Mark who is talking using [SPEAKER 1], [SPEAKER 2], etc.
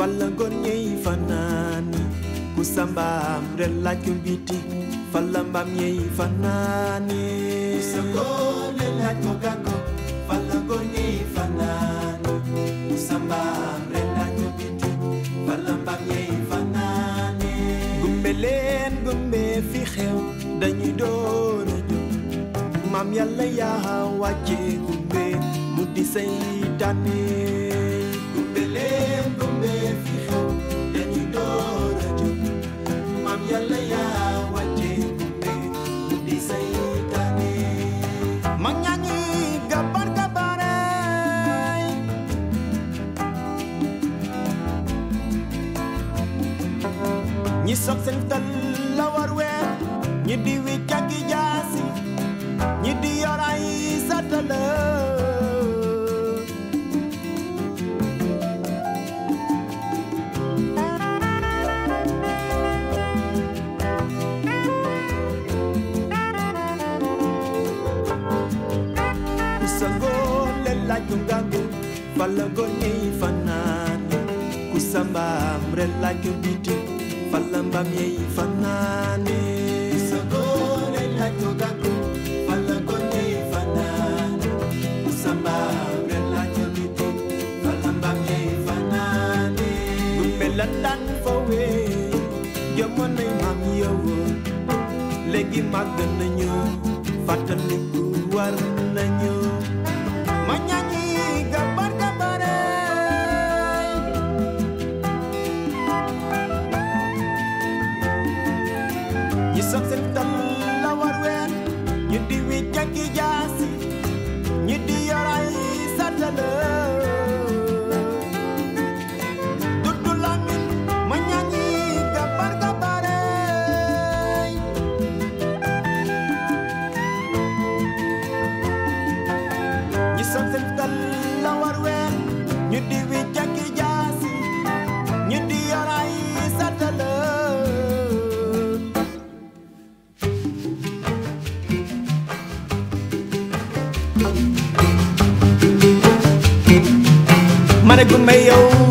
[SPEAKER 1] fala ngor ñey fanaan ku sambaam ren laajul biti fala mbaam ñey fanaane sa koone laaj ko gàkko fala ngor ñey fanaan ku sambaam ren laajul biti fala gumbe fi xew dañuy door a jóg maam yaa wàcce gumbe mu di say tànnee
[SPEAKER 2] ñi sobsental la war ñi di ñi di satala
[SPEAKER 1] fanani kusamba mrela kubiti falamba miei fanane sokole latokako falako miei fanane usamba mbela nyamite falamba miei fanane gumbela tan fowe yomone mamiyo legi magana nyo fatani kuwar nanyo manyanya
[SPEAKER 2] You something that lower when you do it, Yankee Jassy. You do your eyes at the love. Tutulamin, You lower you do
[SPEAKER 1] nego meio